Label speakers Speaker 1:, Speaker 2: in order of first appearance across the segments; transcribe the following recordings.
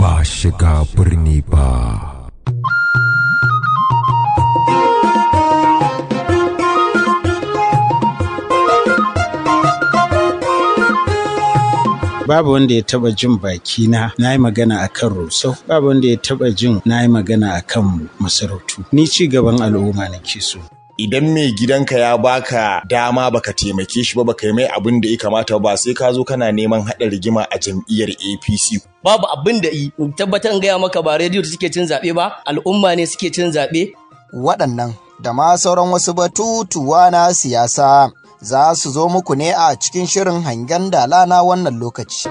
Speaker 1: ba shiga birni ba
Speaker 2: babu wanda ya taba jin baki na na yi magana a kan rusau babu wanda ya taba jin na yi magana a kan masarautu ni ci gaban al'umma nake so
Speaker 3: idan mai gidanka ya baka dama baka taimake shi ba baka yi mai abin da ya kamata ba sai ka zo kana neman haɗa rigima a jam'iyyar APC
Speaker 4: babu abin da yi tabbatar gaya maka ba rediyo suke cin zaɓe ba al'umma ne suke cin zaɓe
Speaker 5: waɗannan da ma sauran wasu batutuwa na siyasa za su zo muku ne a cikin shirin hangen dala na wannan lokaci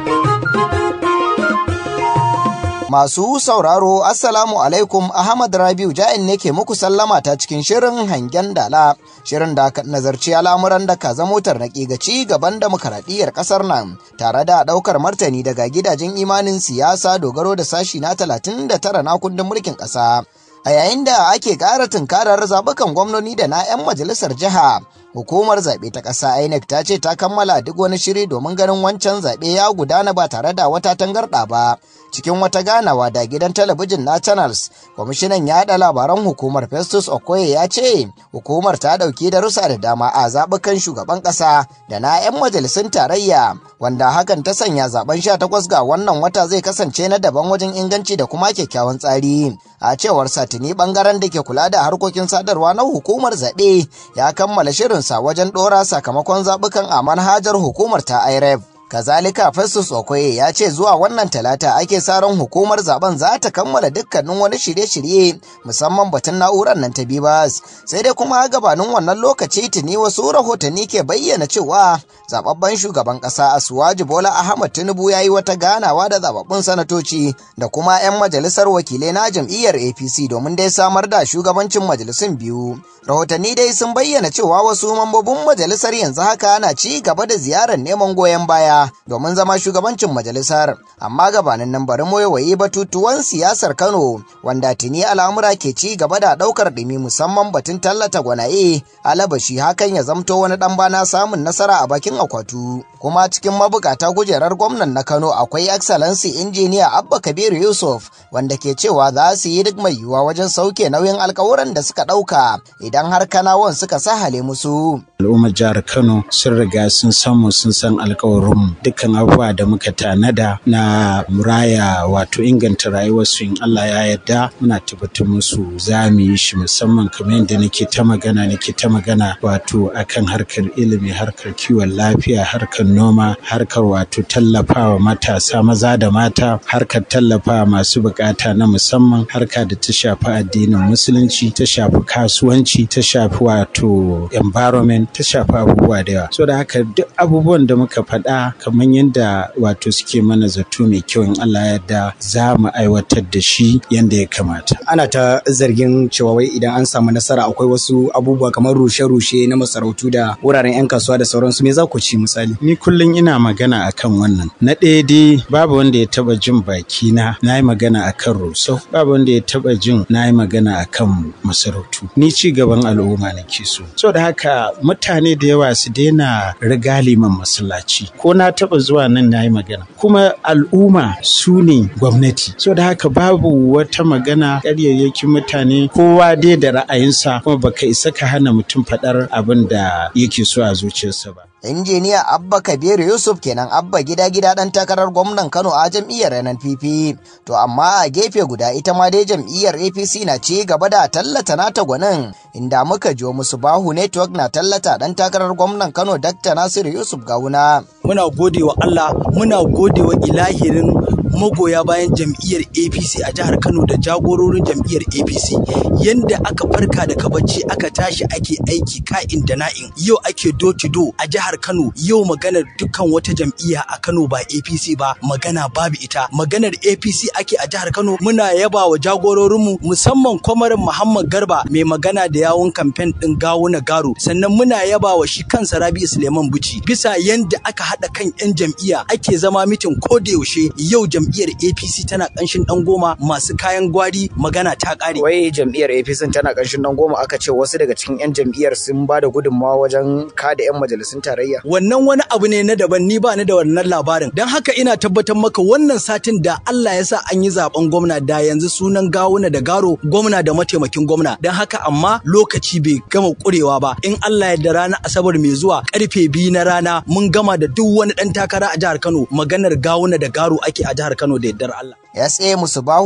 Speaker 5: Masu sauraro Assalamu alaikum Ahmad Rabiu Ja'in ne ke muku sallama ta cikin shirin hangen dala shirin da ka nazarci al'amuran da ka zamo tarnaƙi ga ci gaban demokaradiyyar ƙasar nan tare da ɗaukar martani daga gidajen imanin siyasa dogaro da sashi na tara na kundin mulkin ƙasa. a yayin da ake ƙara tunkarar zaɓukan gwamnoni da na 'yan majalisar jiha hukumar zaɓe ta ƙasa inec ta ce ta kammala duk wani shiri domin ganin wancan zaɓe ya gudana ba tare da wata tangarɗa ba cikin wata ganawa da gidan talabijin na channels kwamishinan ya haɗa labaran hukumar festus okoye ya ce hukumar ta ɗauki darussa da dama a zaɓukan shugaban ƙasa da na 'yan majalisun tarayya wanda hakan ta sanya zaben 18 ga wannan wata zai kasance na daban wajen inganci da kuma kyakkyawan tsari a cewar satini bangaren da ke kula da harkokin sadarwa na hukumar zaɓe ya kammala shirinsa wajen ɗora sakamakon zaɓukan a manhajar hukumar ta iref Kazalika Festus Okoye ya ce zuwa wannan talata ake sa ran hukumar zaben za ta kammala dukkanin wani shirye-shirye musamman batun na'urar nan ta Bibas. Sai dai kuma gabanin wannan lokaci tuni wasu rahotanni ke bayyana cewa zababben shugaban kasa Asuwaji Bola Ahmad Tinubu ya yi wata ganawa da zababbun sanatoci da kuma 'yan majalisar wakilai na jam'iyyar APC domin dai samar da shugabancin majalisun biyu. Rahotanni dai sun bayyana cewa wasu mambobin majalisar yanzu haka ana ci gaba da ziyarar neman goyon baya domin zama shugabancin majalisar amma gabanin nan bari moyewaye batutuwan siyasar Kano wanda tuni al'amura ke ci gaba da daukar dimi musamman batun tallata gwanaye alabashi hakan ya zamto wani dan bana samun nasara a bakin akwatu kuma cikin mabukata kujerar gwamnan na Kano akwai excellency injiniya Abba Kabiru Yusuf wanda ke cewa za su yi duk mai yiwuwa wajen sauke nauyin alkawuran da suka dauka idan har Kanawan suka sahale musu
Speaker 2: al'ummar jihar Kano sun riga sun samu sun san alkawarinmu dukkan abubuwa da muka tanada na muraya wato inganta rayuwarsu in Allah ya yarda muna tabbatar musu za mu yi shi musamman kamar yadda nake ta magana nake ta magana wato akan harkar ilimi harkar kiwon lafiya harkar noma harkar wato tallafawa matasa maza da mata harkar tallafawa masu bukata na musamman harka da ta shafi addinin musulunci ta shafi kasuwanci ta shafi wato environment ta shafi abubuwa da yawa so da haka duk abubuwan da muka faɗa kamar yadda wato suke mana zato mai kyau in Allah ya yarda za mu aiwatar da shi yadda ya kamata.
Speaker 6: Ana ta zargin cewa wai idan an samu nasara akwai wasu abubuwa kamar rushe-rushe
Speaker 2: na masarautu da wuraren 'yan kasuwa da sauransu me za ku ci misali. Ni kullum ina magana akan wannan. Na ɗaya dai babu wanda ya taba jin baki na na yi magana akan rusau babu wanda ya taba jin na yi magana akan masarautu. Ni ci gaban al'umma nake so. Sau da haka mutane da yawa su daina rigali liman masallaci ko na taɓa zuwa nan na yi magana kuma al'umma su ne gwamnati so da haka babu wata magana ƙaryayyakin mutane kowa dai da ra'ayinsa kuma baka isa ka hana mutum faɗar abin da yake so a zuciyarsa ba
Speaker 5: injiniya abba kabiru yusuf kenan abba gida gida dan takarar gwamnan kano a jam'iyyar nnpp to amma a gefe guda ita ma dai jam'iyyar apc na ci gaba da tallata nata gwanin inda muka jiwo musu bahu network na tallata ɗan takarar gwamnan kano dr nasiru yusuf gawuna
Speaker 7: muna gode wa allah muna gode wa ilahirin magoya bayan jam'iyyar apc a jihar kano da jagororin jam'iyyar apc yadda aka farka da bacci aka tashi ake aiki ka'in da na'in yau ake do do a jihar kano yau maganar dukkan wata jam'iyya a kano ba apc ba magana babu ita maganar apc ake a jihar kano muna yaba wa jagororinmu musamman kwamarin muhammad garba mai magana da yawon kamfen din gawuna garo sannan muna yaba wa shi kansa rabi'u suleiman buci bisa yadda aka haɗa kan 'yan jam'iyya ake zama mitin ko da yaushe yau jam'iyya jam'iyyar APC tana ƙanshin ɗan goma masu kayan gwari magana ta ƙare. Wai jam'iyyar APC tana ƙanshin ɗan goma aka ce wasu daga cikin 'yan jam'iyyar sun ba da gudunmawa wajen kada 'yan majalisun tarayya. Wannan wani abu ne na daban ni ba ni da wannan labarin. Don haka ina tabbatar maka wannan satin da Allah ya sa an yi zaben gwamna da yanzu sunan gawuna da garo gwamna da mataimakin gwamna. Don haka amma lokaci bai gama ƙurewa ba. In Allah ya da ranar Asabar mai zuwa karfe biyu na rana mun gama da duk wani ɗan takara a jihar Kano maganar gawuna da garo ake a jihar jihar Kano da yardar Allah.
Speaker 5: SA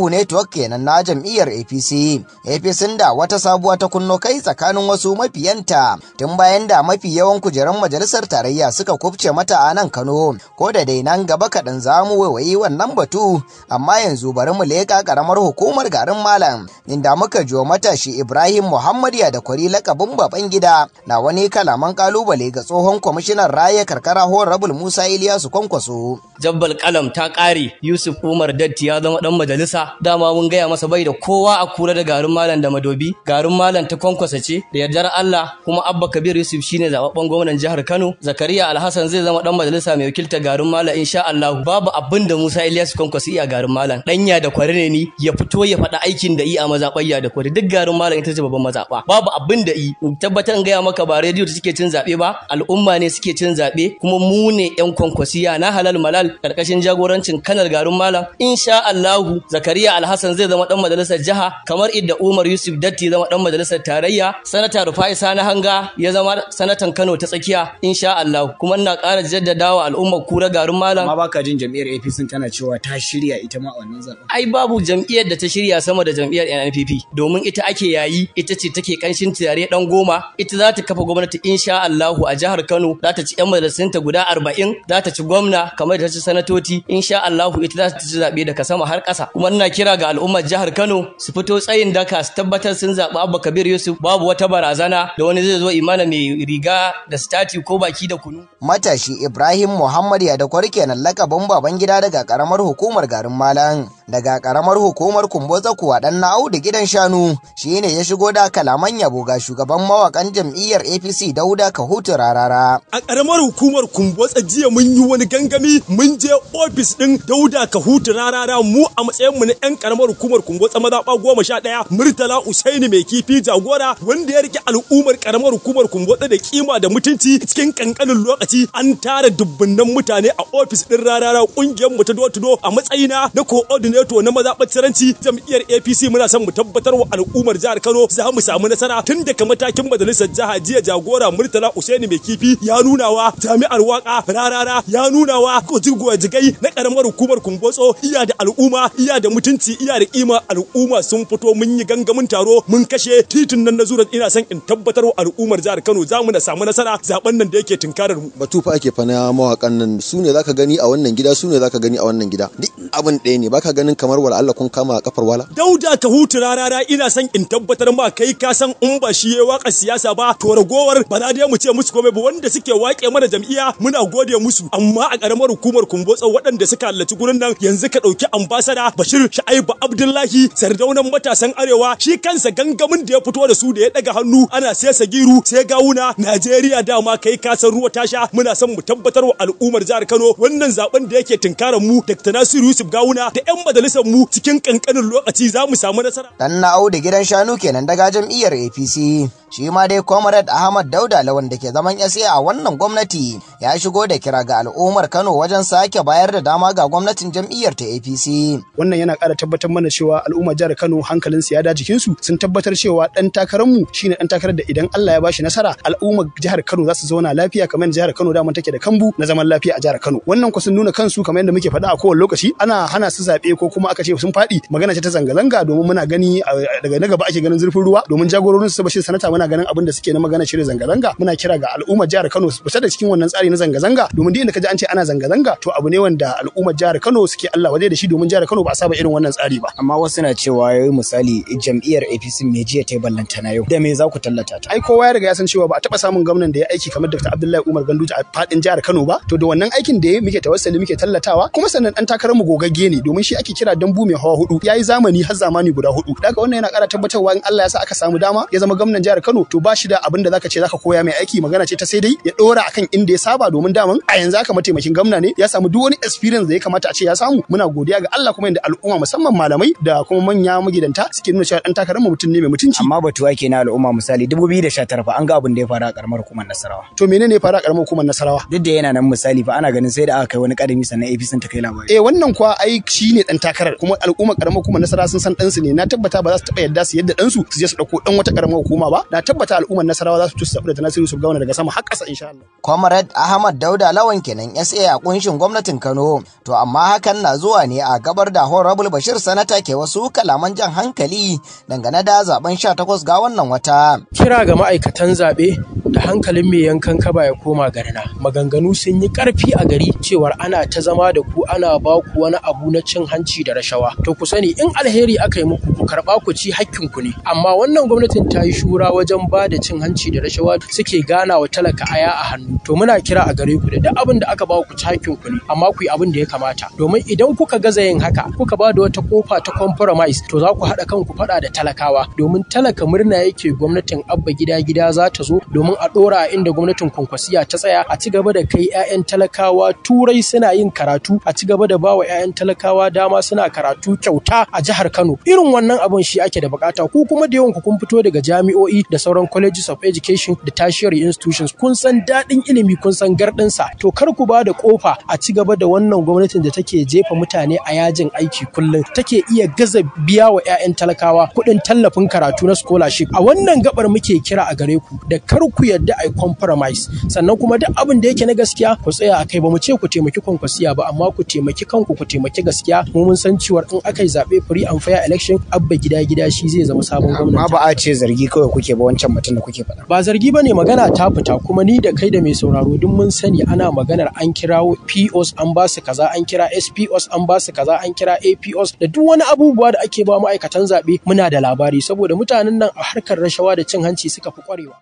Speaker 5: Network kenan na jam'iyyar APC. APC da wata sabuwa ta kunno kai tsakanin wasu mafiyanta tun bayan da mafi yawan kujerun majalisar tarayya suka kubce mata a nan Kano. Ko da dai nan gaba kaɗan za mu waiwayi wannan batu amma yanzu bari mu leƙa ƙaramar hukumar garin Malam inda muka jo matashi Ibrahim Muhammad ya da kwari lakabin baban gida na wani kalaman kalubale ga tsohon kwamishinan raya karkara Horabul Musa Iliyasu Kwankwaso.
Speaker 4: Jabbal kalam ta ƙare Yusuf Umar Datti ya zama dan majalisa dama mun gaya masa bai da kowa a kura da garin malam da madobi garin malam ta kwankwasa ce da yardar Allah kuma Abba Kabir Yusuf shine zababban gwamnan jihar Kano Zakariya Alhassan zai zama dan majalisa mai wakilta garin malam insha Allah babu abin da Musa Ilyas kwankwasa iya garin malam danya da kwari ne ni ya fito ya faɗa aikin da yi a mazaɓayya da kwari duk garin malam ita ce babban mazaɓa babu abin da yi tabbatar gaya maka ba rediyo da suke cin zaɓe ba al'umma ne suke cin zaɓe kuma mu ne 'yan kwankwasiya na halal malal ƙarƙashin jagorancin kanar garin dakarun malam insha Allah Zakariya Alhassan zai zama dan majalisar jiha kamar idda Umar Yusuf Datti zama dan majalisar tarayya sanata Rufai Sani Hanga ya zama sanatan Kano ta tsakiya insha Allah kuma ina ƙara jaddadawa al'ummar kura garin malam amma baka jin jam'iyyar APC tana cewa ta shirya ita ma wannan zaben ai babu jam'iyyar da ta shirya sama da jam'iyyar NPP domin ita ake yayi ita ce take kanshin tare dan goma ita za ta kafa gwamnati insha Allah a jihar Kano za ta ci yan majalisinta guda 40 za ta ci gwamna kamar da ta ci sanatoci insha Allah za ta zaɓe daga sama har ƙasa kuma ina kira ga al'ummar jihar Kano su fito tsayin daka su tabbatar sun zaɓi Abba Kabir Yusuf babu wata barazana da wani zai zo imana mai riga da stati ko baki da kunu.
Speaker 5: Matashi Ibrahim Muhammad ya da kwarke na lakabin baban gida daga karamar hukumar garin Malam. daga karamar hukumar kumbotsa kuwa dan na da gidan shanu shine ya shigo da kalaman yabo ga shugaban mawakan jam'iyyar apc dauda kahutu rarara
Speaker 8: a karamar hukumar kumbotsa jiya mun yi wani gangami mun je ofis din dauda kahutu rarara mu a matsayin mu na yan karamar hukumar kumbotsa mazaɓa goma sha ɗaya murtala usaini mai kifi jagora wanda ya rike al'ummar karamar hukumar kumbotsa da kima da mutunci cikin kankanin lokaci an tara dubbunan mutane a ofis din rarara kungiyar mu ta do a matsayina na coordinator sinato na mazaɓar jam'iyyar apc muna son mu tabbatar wa al'ummar jihar kano za mu samu nasara tun daga matakin majalisar jiha jiya jagora murtala usaini mai kifi ya nuna wa jami'ar waka rarara ya nuna wa jigai na karamar hukumar kumbotso iya da al'umma iya da mutunci iya da kima al'umma sun fito mun yi gangamin taro mun kashe titin nan na zuran ina son in tabbatar wa al'ummar jihar kano za mu na samu nasara zaben nan da yake tunkarar mu
Speaker 1: batu fa ake fa na mawakan nan su ne zaka gani a wannan gida su ne zaka gani a wannan gida duk abin ɗaya ne baka gani ganin kamar wala Allah kun kama kafar wala
Speaker 8: dauda ka hutu rarara ina son in tabbatar ma kai ka san in ba shi ya waka siyasa ba to ragowar ba za mu ce musu komai ba wanda suke wake mana jam'iyya muna gode musu amma a ƙaramar hukumar kumbotsa waɗanda suka halarci gurin nan yanzu ka ɗauki ambasada Bashir Sha'ibu Abdullahi sardaunan matasan arewa shi kansa gangamin da ya fito da su da ya daga hannu ana sai sagiru sai gawuna Najeriya dama kai ka san ruwa tasha muna son mu tabbatar wa al'ummar jihar Kano wannan zaben da yake tunkaran mu Dr. Nasiru Yusuf Gawuna da 'yan majalisar mu cikin kankanin lokaci za mu samu nasara.
Speaker 5: Dan na da gidan shanu kenan daga jam'iyyar APC. Shi ma dai Comrade Ahmad Dauda Lawan da ke zaman SA a wannan gwamnati ya shigo da kira ga al'ummar Kano wajen sake bayar da dama ga gwamnatin jam'iyyar ta APC. Wannan yana ƙara tabbatar mana cewa al'ummar jihar Kano
Speaker 6: su ya da su sun tabbatar cewa ɗan takararmu shine ɗan takarar da idan Allah ya bashi nasara al'ummar jihar Kano za su zauna lafiya kamar jihar Kano daman take da kambu na zaman lafiya a jihar Kano. Wannan ku sun nuna kansu kamar yadda muke faɗa a kowane lokaci ana hana su zaɓe ko kuma aka ce sun faɗi magana ce ta zanga-zanga domin muna gani daga na gaba ake ganin zurfin ruwa domin jagororin su bashi sanata muna ganin abin da suke na magana shirya zanga-zanga muna kira ga al'ummar jihar Kano su fita da cikin wannan tsari na zanga-zanga domin duk inda ji an ce ana zanga-zanga to abu ne wanda al'ummar jihar Kano suke Allah waje da shi domin jihar Kano ba a saba irin wannan tsari ba amma wasu na cewa yayi misali jam'iyyar APC me jiya ta ballanta na yau da me za ku tallata ta ai kowa ya riga ya san cewa ba a taba samun gwamnan da ya aiki kamar Dr. Abdullahi Umar Ganduje a fadin jihar Kano ba to da wannan aikin da ya muke tawassali muke tallatawa kuma sannan dan takarar mu gogagge ne domin shi ake kira dambu mai hawa hudu yayi zamani har zamani guda hudu daga wannan yana ƙara tabbatarwa in Allah ya sa aka samu dama ya zama gwamnan jihar Kano to ba shi da abin da zaka ce zaka koya mai aiki magana ce ta sai dai ya dora akan inda ya saba domin daman a yanzu aka mataimakin gwamna ne ya samu duk wani experience da ya kamata a ce ya samu muna godiya ga Allah kuma inda al'umma musamman malamai da kuma manya magidanta suke nuna cewa dan takarar mu mutum ne mai mutunci amma batu ke na al'umma misali 2019 fa an ga abin da ya faru a karamar hukumar Nasarawa to menene ya faru a karamar hukumar Nasarawa duk da yana nan misali fa ana ganin sai da aka kai wani kadami sannan APC ta kai labari eh wannan kwa ai shine dan takarar kuma al'umma karamar hukumar nasara sun san ɗansu ne na tabbata ba za su taɓa yadda su yadda ɗansu su je su ɗauko ɗan wata karamar hukuma ba na tabbata al'ummar nasarawa za su ci su da nasiru su
Speaker 5: gauna daga sama har ƙasa insha Allah. Comrade Ahmad Dauda Lawan kenan SA a kunshin gwamnatin Kano to amma hakan na zuwa ne a gabar da Honorable Bashir Sanata ke wasu kalaman jan hankali dangane da zaben takwas ga wannan wata.
Speaker 9: Kira ga ma'aikatan zaɓe hankalin mai yankan kaba ya koma garina Maganganu sun yi ƙarfi a gari cewar ana ta zama da ku ana ba ku wani abu na cin hanci da rashawa. To ku sani in alheri aka yi muku ku karɓa ku ci hakkin ku ne. Amma wannan gwamnatin ta yi shura wajen ba da cin hanci da rashawa suke gana wa talaka aya a hannu. To muna kira a gare ku da duk abin da aka ba ku ci hakkin ku ne amma ku yi abin da ya kamata. Domin idan kuka gaza yin haka kuka ba da wata kofa ta compromise to za ku haɗa kanku faɗa da talakawa domin talaka murna yake gwamnatin abba gida gida za ta zo domin a Dora a inda gwamnatin kwankwasiya ta tsaya a ci gaba da kai 'ya'yan talakawa turai suna yin karatu a ci gaba da ba wa 'ya'yan talakawa dama suna karatu kyauta a jihar Kano irin wannan abin shi ake da bukata ku kuma da yawan ku kun fito daga jami'o'i da sauran colleges of education da tertiary institutions kun san daɗin ilimi kun san gardin to kar ku ba da kofa a ci gaba da wannan gwamnatin da take jefa mutane a yajin aiki kullum take iya gaza biya wa 'ya'yan talakawa kuɗin tallafin karatu na scholarship a wannan gabar muke kira a gare ku da kar ku yadda yadda ai compromise sannan kuma duk abin da yake na gaskiya ku tsaya a ba mu ce ku taimaki kwankwasiya ba amma ku taimaki kanku ku taimaki gaskiya mu mun san cewa in aka yi zaɓe free and fair election abba gida gida shi zai zama sabon gwamnati amma ba a ce zargi kawai kuke ba wancan mutum da kuke faɗa ba zargi bane magana ta fita kuma ni da kai da mai sauraro duk mun sani ana maganar an kirawo POS an ba su kaza an kira SPOS an ba su kaza an kira APOS da duk wani abubuwa da ake ba ma'aikatan zaɓe
Speaker 5: muna da labari saboda mutanen nan a harkar rashawa da cin hanci suka fi kwarewa.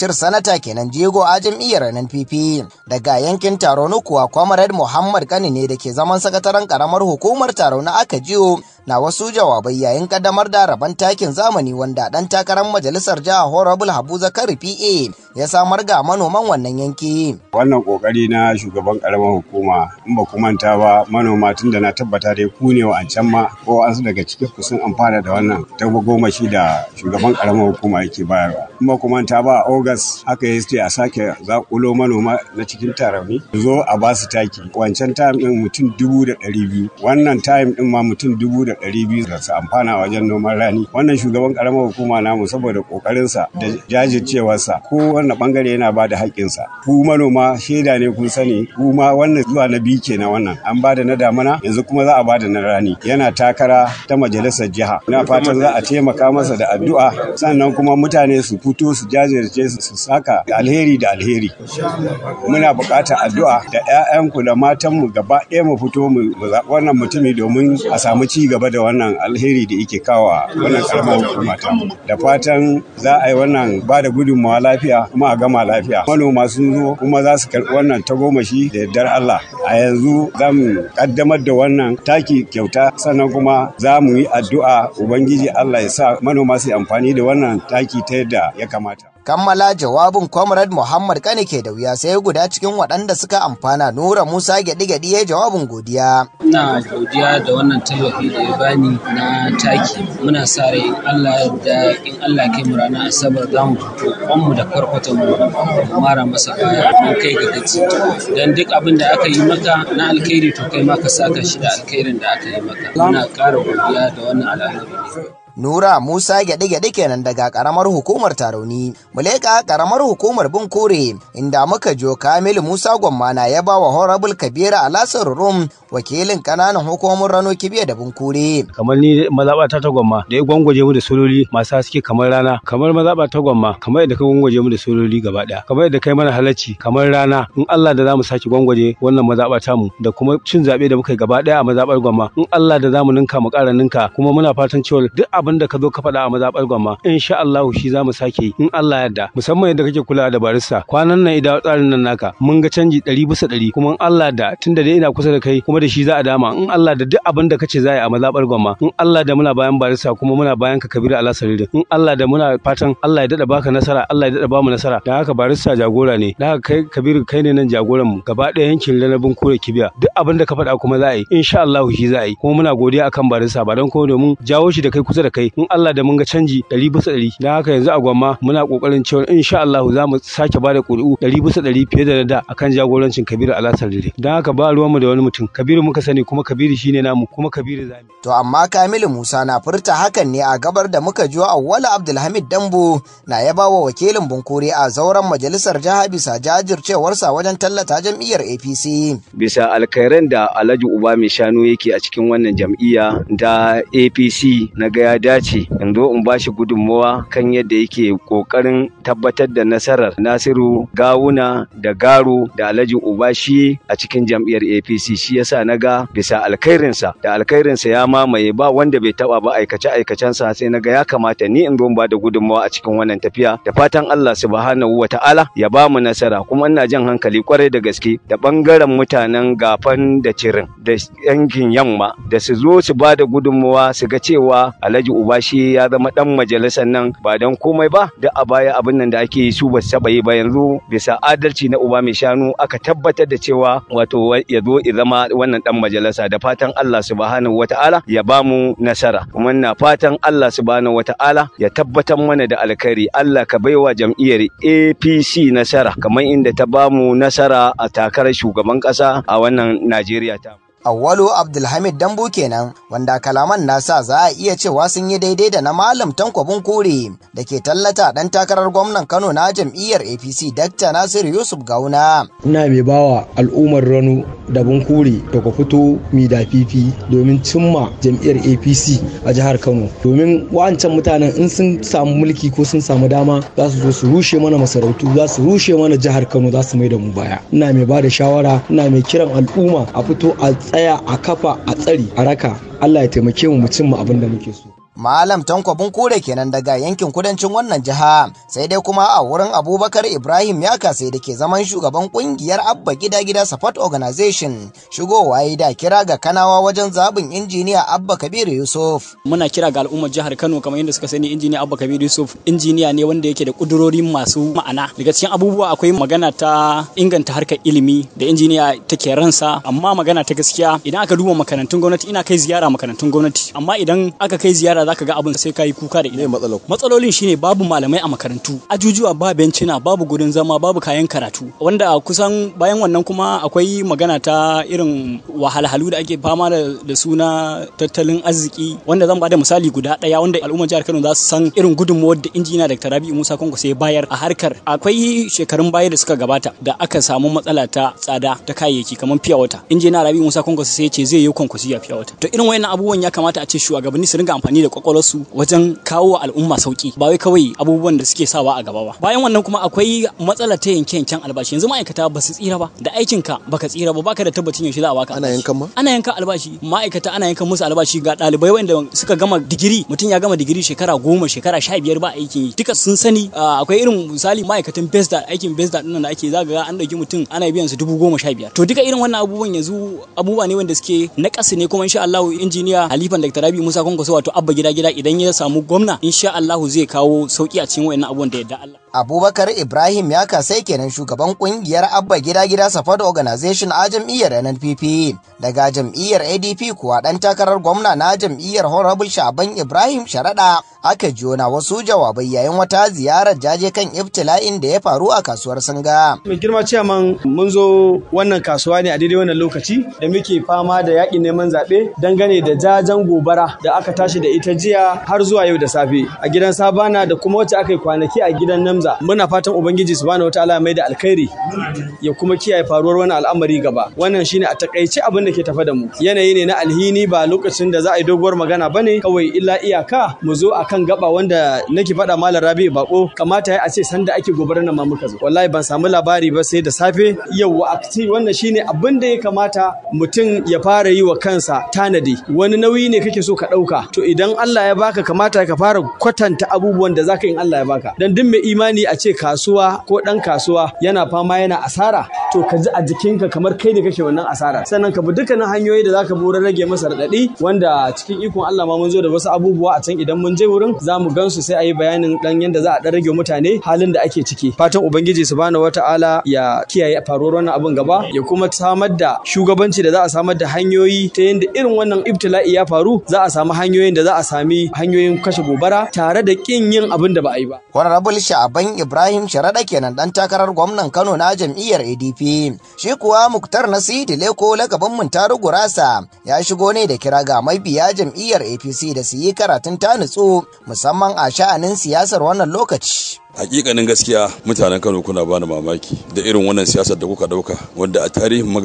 Speaker 5: Bashir sanata kenan jego a jam'iyyar NPP daga yankin na kuwa Comrade Muhammad Kani ne da ke zaman sakataren karamar hukumar taro na jiyo na wasu jawabai yayin kaddamar da rabon takin zamani wanda dan takarar majalisar jihar Horrible Habu Zakari PA ya
Speaker 10: samar ga manoman wannan yanki. Wannan kokari na shugaban karamar hukuma in ba manta ba manoma tun da na tabbata dai ku ne wa'ancan ma ko an su daga cikin ku amfana da wannan ta goma shi da shugaban karamar hukuma yake bayarwa. In ba manta ba gas aka yi ce a sake zakulo manoma na cikin tarauni zo a ba su taki wancan time din mutum dubu da ɗari biyu wannan time din ma mutum dubu da ɗari biyu da su amfana wajen noman rani wannan shugaban karamar hukuma namu saboda kokarinsa da jajircewarsa ko wannan bangare yana ba da haƙƙinsa ku manoma shaida ne kun sani kuma wannan zuwa na biyu kenan wannan an ba da na damana yanzu kuma za a ba da na rani yana takara ta majalisar jiha na fatan za a taimaka masa da addu'a sannan kuma mutane su fito su jajirce su su saka da alheri da alheri muna bukatar addu'a da 'ya'yanku da matanmu gaba ɗaya mu fito mu wannan mutumi domin a samu ci gaba da wannan alheri da yake kawo wannan karamar hukuma da fatan za a yi wannan ba da gudunmawa lafiya kuma a gama lafiya manoma sun zo kuma za su karɓi wannan tagomashi da yardar Allah a yanzu za mu kaddamar da wannan taki kyauta sannan kuma za mu yi addu'a ubangiji Allah ya sa manoma su yi amfani da wannan taki ta yadda ya kamata
Speaker 5: kammala jawabin comrade muhammad Kani ke da wuya sai guda cikin waɗanda suka amfana nura musa gyaɗi-gyaɗi ya jawabin godiya
Speaker 6: na godiya da wannan tallafi da ya bani na taki muna sa rai in allah da in allah kai mu ranar asabar za mu fito kwanmu da kwarkwatan mu mara masa baya mun kai ga gaji. dan duk abin da aka yi maka na alkhairi
Speaker 5: to kai ma ka saka shi da
Speaker 6: alkhairin da aka yi maka muna ƙara godiya da wannan al'amari
Speaker 5: Nura Musa gyaɗe-gyaɗe kenan daga ƙaramar hukumar Tarauni. Muleka ƙaramar hukumar Bunkure inda muka jo Kamil Musa Gwammana ya ba wa Horrible Kabira Alasar Rum wakilin ƙananan hukumar Rano Kibiya da Bunkure.
Speaker 11: Kamar ni mazaɓata ta Gwamma da ya gwangwaje mu da sololi masu haske kamar rana kamar mazaɓa ta Gwamma kamar yadda ka gwangwaje mu da sololi gaba ɗaya kamar yadda kai mana halacci kamar rana in Allah da za mu sake gwangwaje wannan ta mu da kuma cin zaɓe da muka yi gaba ɗaya a mazaɓar Gwamma in Allah da za mu ninka mu ƙara ninka kuma muna fatan cewa duk abin abin da ka zo ka faɗa a mazaɓar gwamma insha Allah shi za mu sake in Allah yarda musamman yadda kake kula da barista kwanan nan idan tsarin nan naka mun ga canji ɗari bisa ɗari kuma in Allah da tunda dai ina kusa da kai kuma da shi za a dama in Allah da duk abin da kace za a mazaɓar gwamma in Allah da muna bayan barista kuma muna bayan ka kabiru Allah alasari in Allah da muna fatan Allah ya daɗa baka nasara Allah ya daɗa bamu nasara da haka barista jagora ne da haka kai kabiru kai ne nan jagoran mu gaba ɗaya yankin lanabin kore kibiya duk abin da ka faɗa kuma za a yi insha Allah shi za a yi kuma muna godiya akan barista ba don ko domin jawo shi da kai kusa da da kai in Allah da mun ga canji ɗari bisa ɗari don haka yanzu a gwamma muna ƙoƙarin cewa insha Allah za mu sake ba da ƙuri'u ɗari bisa ɗari fiye da da akan jagorancin Kabiru Alasar Dire don haka ba ruwanmu da wani mutum Kabiru muka sani kuma Kabiru shine namu
Speaker 5: kuma Kabiru zami. To amma Kamilu Musa na furta hakan ne a gabar da muka jiwa Awwala Abdulhamid Dambo na ya ba wa wakilin Bunkure a zauren majalisar jiha bisa jajircewarsa wajen tallata jam'iyyar APC.
Speaker 12: Bisa alkairan da Alhaji Uba mai shanu yake a cikin wannan jam'iyya da APC na gaya dace in zo in ba shi gudunmawa kan yadda yake kokarin tabbatar da nasarar Nasiru Gawuna da Garu da Alhaji uba shi a cikin jam'iyyar APC shi yasa na ga bisa alkhairinsa da alkhairinsa ya mamaye ba wanda bai taba ba aikace aikacensa sai na ga ya kamata ni in zo in ba da gudunmawa a cikin wannan tafiya da fatan Allah subhanahu ta'ala ya ba mu nasara kuma ina jan hankali kwarai da gaske da bangaren mutanen gafan da cirin da yankin yamma da su zo su ba da gudunmawa su ga cewa Alhaji Alhaji Uba shi ya zama dan majalisar nan ba dan komai ba da a baya abin nan da ake yi su ba sabaye yi ba yanzu bisa adalci na Uba mai shanu aka tabbatar da cewa wato ya zo ya zama wannan dan majalisa da fatan Allah subhanahu wataala ya ba mu nasara kuma na fatan Allah subhanahu wataala ya tabbatar mana da alkhairi Allah ka baiwa jam'iyyar APC nasara kamar inda ta ba mu nasara a takarar shugaban kasa a wannan Najeriya ta.
Speaker 5: Awwalu Abdulhamid Dambu kenan wanda kalaman nasa za a iya cewa sun yi daidai da na Malam Tanko Bunkure da ke tallata dan takarar gwamnan Kano na jam'iyyar APC Dr. Nasir Yusuf Gauna.
Speaker 7: Ina mai bawa al'ummar Rano da Bunkure da ku fito mi da fifi domin cimma jam'iyyar APC a jihar Kano. Domin wancan mutanen in sun samu mulki ko sun samu dama za su zo su rushe mana masarautu za su rushe mana jihar Kano za su mai da mu baya. Ina mai ba da shawara ina mai kiran al'umma a fito a tsaya a kafa a tsari a raka Allah ya taimake mu mu cimma abin da muke so
Speaker 5: Malam Tanko Bunkure kenan daga yankin kudancin wannan jiha sai dai kuma a wurin Abubakar Ibrahim ya sai da ke zaman shugaban kungiyar Abba Gida Gida Support Organization shigowa waye da kira ga Kanawa wajen zabin injiniya Abba kabir Yusuf.
Speaker 13: Muna kira ga al'ummar jihar Kano kamar yadda suka sani injiniya Abba Kabiru Yusuf injiniya ne wanda yake da kudurori masu ma'ana. Daga cikin abubuwa akwai magana ta inganta harkar ilimi da injiniya take ransa amma magana ta gaskiya idan aka duba makarantun gwamnati ina kai ziyara makarantun gwamnati amma idan aka kai ziyara yara zaka ga abin sai kai kuka da ina matsalolin shine babu malamai a makarantu ajujuwa ba bencina babu gurin zama babu kayan karatu wanda kusan bayan wannan kuma akwai magana ta irin wahalhalu da ake fama da suna tattalin arziki wanda zan bada misali guda daya wanda al'umma jihar Kano za su san irin gudunmuwar da injina Dr. Rabi'u Musa Kongo sai bayar a harkar akwai shekarun baya da suka gabata da aka samu matsala ta tsada ta kayayyaki kamar fiya wata injina Rabi'u Musa Kongo sai ce zai yi kwankwasi a fiya wata to irin wayannan abubuwan ya kamata a ce shugabanni su ringa amfani da kwakwalwarsu wajen kawo wa al'umma sauki ba wai kawai abubuwan da suke sawa a gaba ba bayan wannan kuma akwai matsala ta yanke yanken albashi yanzu ma'aikata ba su tsira ba da aikin ka baka tsira ba baka da tabbacin yaushe za a baka ana yankan ma ana yankan albashi ma'aikata ana yankan musu albashi ga ɗalibai wanda suka gama digiri mutum ya gama digiri shekara goma shekara sha biyar ba aiki yi duka sun sani akwai irin misali ma'aikatan besda aikin besda ɗin da ake zaga an ɗauki mutum ana biyan su dubu goma sha biyar to duka irin wannan abubuwan yanzu abubuwa ne wanda suke na ne kuma insha Allah injiniya Halifan Dr. Rabi Musa Kwankwaso wato abba gida gida idan ya samu gwamna insha Allahu zai kawo sauki a cikin wayannan abubuwan da yadda Allah
Speaker 5: abubakar ibrahim ya kasai kenan shugaban kungiyar abba gida gida support organization a jam'iyyar nnpp daga jam'iyyar adp kuwa dan takarar gwamna na jam'iyyar honorable shaban ibrahim sharaɗa aka jona wasu jawabai yayin wata ziyarar jaje kan ibtila'in da ya faru a kasuwar sanga
Speaker 14: mai girma man mun zo wannan kasuwa ne a daidai wannan lokaci da muke fama da yaƙi neman zaɓe dangane da jajen gobara da aka tashi da ita jiya har zuwa yau da safe a gidan sabana da kuma wacce aka yi kwanaki a gidan nan canza muna fatan ubangiji subhanahu wataala ya mai da alkhairi ya kuma kiyaye faruwar wani al'amari gaba wannan shine a takaice abin da ke tafa da mu yanayi ne na alhini ba lokacin da za a yi doguwar magana bane kawai illa iyaka mu zo akan gaba wanda nake faɗa malam Rabi Bako kamata ya a ce sanda ake gobarar nan ma muka zo wallahi ban samu labari ba sai da safe yau akti wannan shine abin da ya kamata mutum ya fara yi wa kansa tanadi wani nauyi ne kake so ka ɗauka to idan Allah ya baka kamata ka fara kwatanta abubuwan da zaka in Allah ya baka dan duk mai imani imani a ce kasuwa ko ɗan kasuwa yana fama yana asara to ka ji a jikinka kamar kai ne kake wannan asara sannan ka bi dukkanin hanyoyi da zaka bi rage masa raɗaɗi wanda cikin ikon Allah ma mun zo da wasu abubuwa a can idan mun je wurin za mu gansu sai a yi bayanin dan yadda za a ɗan rage mutane halin da ake ciki fatan ubangiji subhanahu wata'ala ya kiyaye faruwar wannan abin gaba ya kuma samar da shugabanci da za a samar da hanyoyi ta yadda irin wannan ibtila'i ya faru za a samu hanyoyin da za a sami hanyoyin kashe
Speaker 5: gobara tare da kin yin abin da ba a yi ba. baban Ibrahim Sharaɗa kenan ɗan takarar gwamnan Kano na jam'iyyar ADP. Shi kuwa Muktar Nasidi Leko lakabin Muntaru Gurasa ya shigo ne da kira ga mabiya jam'iyyar APC da su yi karatun ta nutsu musamman a sha'anin siyasar wannan lokaci.
Speaker 15: hakikanin gaskiya mutanen kano kuna bani mamaki da irin wannan siyasar da kuka dauka wanda a tarihin mu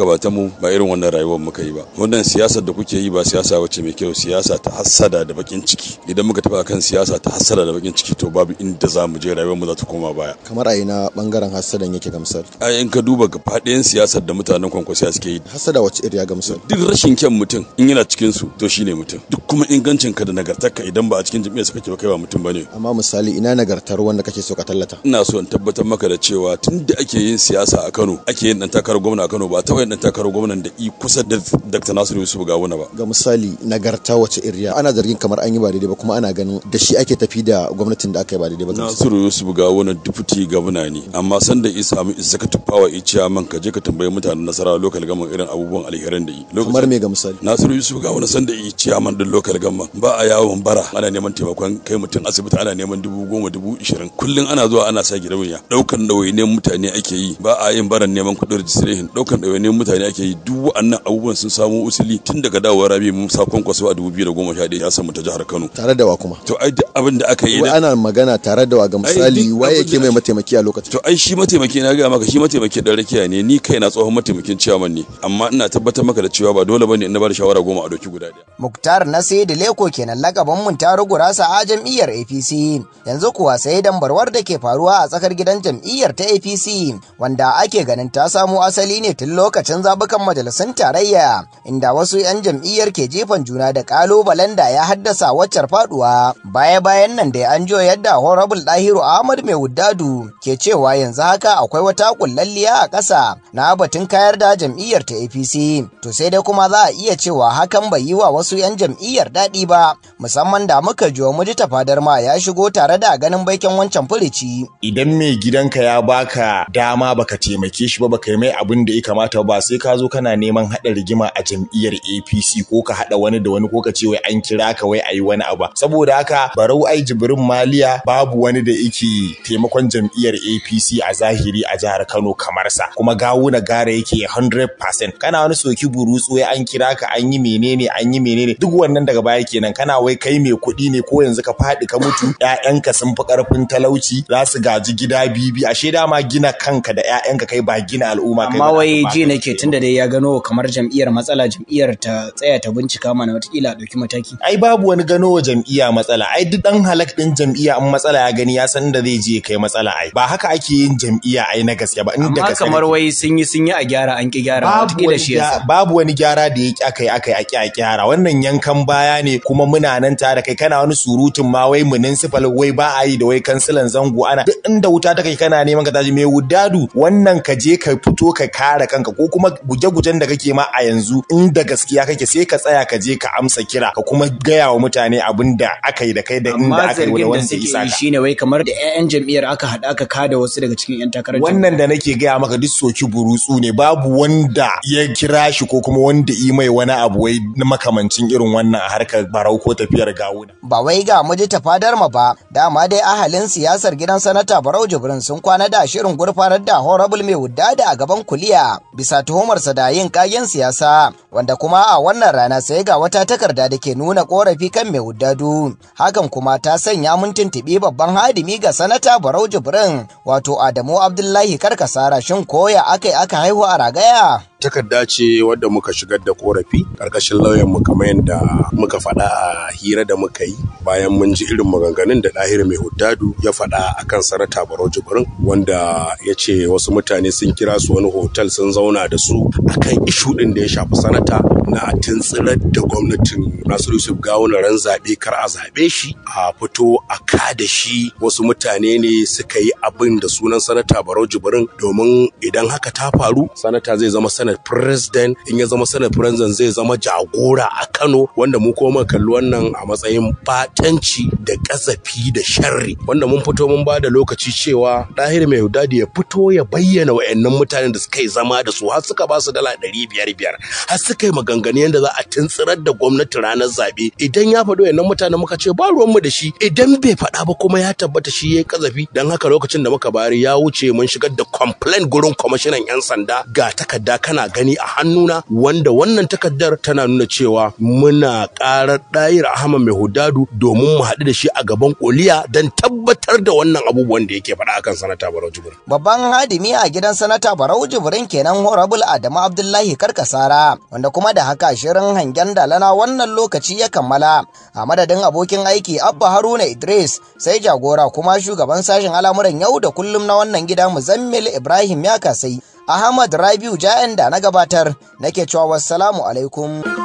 Speaker 15: ba irin wannan rayuwar muka yi ba wannan siyasar da kuke yi ba siyasa wacce mai kyau siyasa ta hassada da bakin ciki idan muka tafi akan siyasa ta hassada da bakin ciki to babu inda za mu je rayuwar mu za ta koma baya
Speaker 1: kamar a ina bangaren hassadan
Speaker 15: yake gamsar a in ka duba gabaɗayan siyasar da mutanen kwankwasiya suke yi
Speaker 1: hassada wacce iriya gamsar
Speaker 15: duk rashin kyan mutum in yana cikin su to shine mutum duk kuma ingancin ka da nagartarka idan ba a cikin jami'a suka ke ba kai ba mutum bane amma misali ina nagartar wanda kake so ka tallata ina so in tabbatar maka da cewa tun da ake yin siyasa a Kano ake yin dan takarar gwamna a Kano ba ta yin dan takarar gwamnan da i kusa da Dr. Nasiru Yusuf Gawuna ba
Speaker 1: ga misali nagarta wace iriya ana zargin kamar an yi ba daidai ba kuma ana ganin da shi ake tafi da gwamnatin da aka yi ba daidai ba Nasiru
Speaker 15: Yusuf Gawuna deputy gwamna ne amma sanda i samu executive power i chairman ka je ka tambayi mutanen nasara local government irin abubuwan alheran da yi kamar me ga misali Nasiru Yusuf Gawuna da i chairman din local government ba a yawon bara ana neman taimakon kai mutum asibiti ana neman dubu goma dubu ishirin kullum nan ana zuwa ana sa gidauniya daukan ɗawainiyar mutane ake yi ba a yin baran neman kuɗin registration daukan ɗawainiyar mutane ake yi duk wa'annan abubuwan sun samo usuli tun daga dawowar rabi mun sa kwaso a 2011 ya samu ta jihar Kano tare da wa kuma to ai duk
Speaker 1: abin da aka yi ana magana tare da wa ga misali waye yake mai mataimaki a lokacin to
Speaker 15: ai shi mataimaki na ga maka shi mataimaki dan rakiya ne ni kai na tsohon mataimakin ciyaman ne amma ina tabbatar maka da cewa ba dole bane in na bar shawara goma a doki guda daya
Speaker 5: Muktar da Leko kenan lakaban mun ta rugura sa a jam'iyyar APC yanzu kuwa sai dan barwar da ke faruwa a tsakar gidan jam'iyyar ta APC wanda ake ganin ta samo asali ne tun lokacin zabukan majalisun tarayya inda wasu 'yan jam'iyyar ke jefan juna da kalubalen da ya haddasa waccar faduwa baya-bayan nan da an jo yadda horrible dahiru Ahmad mai wuddadu ke cewa yanzu haka akwai wata kullalliya a ƙasa na batun kayar da jam'iyyar ta APC to sai dai kuma za a iya cewa hakan bai yi wa wasu 'yan jam'iyyar daɗi ba musamman da muka jiwa mujita fadar ma ya shigo tare da ganin baikin wancan furi ci.
Speaker 3: Idan mai gidanka ya baka dama baka taimake shi ba baka yi mai abin da ya kamata ba sai ka zo kana neman haɗa rigima a jam'iyyar APC ko ka haɗa wani da wani ko ka ce wai an kira ka wai a yi wani abu. Saboda haka barau ai jibrin maliya babu wani da yake taimakon jam'iyyar APC a zahiri a jihar Kano kamar sa kuma gawuna gara yake 100% kana wani soki burutsu wai an kira ka an yi menene an yi menene duk wannan daga baya kenan kana wai kai mai kuɗi ne ko yanzu ka faɗi ka mutu ƴaƴanka sun fi ƙarfin talauci za su gaji gida bibi ashe dama gina kanka da ƴaƴanka kai ba gina al'umma kai amma wai ji nake tunda dai ya gano kamar jam'iyyar matsala jam'iyyar ta tsaya ta bincika mana watakila a ɗauki mataki ai babu wani gano wa jam'iyya matsala ai duk dan halak din jam'iyya an matsala ya gani ya san da zai je kai matsala ai ba haka ake yin jam'iyya ai na gaskiya ba inda gaskiya kamar wai sun yi sun yi a gyara an ki gyara watakila shi yasa babu wani gyara da ya ki akai akai a ki a gyara wannan yankan baya ne kuma muna nan tare kai kana wani surutun ma wai municipal wai ba a yi da wai kansilan zan ango ana duk inda wuta ta kai kana neman ka tashi mai wudadu wannan ka je ka fito ka kare kanka ko kuma guje-gujen da kake ma a yanzu in da gaskiya kake sai ka tsaya ka je ka amsa kira ka kuma gaya wa mutane abin da aka yi da kai da inda aka yi da wanda isa yi
Speaker 6: shine wai kamar da ƴaƴan jam'iyyar aka hada aka kada wasu daga cikin ƴan takarar wannan
Speaker 3: da nake gaya maka duk soki burutsu ne babu wanda ya kira shi ko kuma wanda yi mai wani abu wai makamancin irin wannan a harkar barau ko tafiyar gawuna
Speaker 5: ba wai ga mu ji tafadar ma ba dama dai ahalin siyasar fadar gidan sanata barau jibrin sun kwana da shirin gurfanar da horrible mai wudda da a gaban kuliya bisa tuhumarsa da yin kagen siyasa wanda kuma a wannan rana sai ga wata takarda da ke nuna korafi kan mai wuddadu hakan kuma ta sanya mun tuntuɓi babban hadimi ga sanata barau jibrin wato adamu abdullahi karkasara shin koya aka yi aka haihu a ragaya
Speaker 16: takarda ce wadda muka shigar da korafi karkashin lauyan mu kamar yadda muka faɗa a hira da muka yi bayan mun ji irin maganganun da ɗahir mai huddadu ya faɗa a kan sarata baro jibrin wanda ya ce wasu mutane sun kira su wani hotel sun zauna da su kan ishu ɗin da ya shafi sanata na tuntsirar da gwamnatin nasiru yusuf gawuna ran zaɓe kar a zaɓe shi a fito a ka da shi wasu mutane ne suka yi abin da sunan sanata baro jibrin domin idan haka ta faru sanata zai zama sanata senate president in ya zama senate president zai zama jagora a kano wanda mu kuma kalli wannan a matsayin batanci da kasafi da sharri wanda mun fito mun ba da lokaci cewa dahir mai da ya fito ya bayyana wa'annan mutanen da suka yi zama da su har suka ba su dala ɗari biyar biyar har suka yi maganganu yadda za a tuntsirar da gwamnati ranar zaɓe idan ya faɗo wa'annan mutanen muka ce ba mu da shi idan bai faɗa ba kuma ya tabbata shi ya yi kazafi don haka lokacin da muka bari ya wuce mun shigar da complaint gurin kwamishinan 'yan sanda ga takarda kana gani a hannuna wanda wannan takardar tana nuna cewa muna ƙarar ɗayir Ahmad mai hudadu domin mu haɗu da shi a gaban koliya don tabbatar da wannan abubuwan da yake faɗa akan sanata Barau Jibrin.
Speaker 5: Babban hadimi a gidan sanata Barau Jibrin kenan Horabul Adamu Abdullahi Karkasara wanda kuma da haka shirin hangen dalana wannan lokaci ya kammala a madadin abokin aiki Abba Haruna Idris sai jagora kuma shugaban sashen al'amuran yau da kullum na wannan gida Muzammil Ibrahim ya kasai Ahmad Rabiu Jayan da na gabatar nake cewa wassalamu alaikum.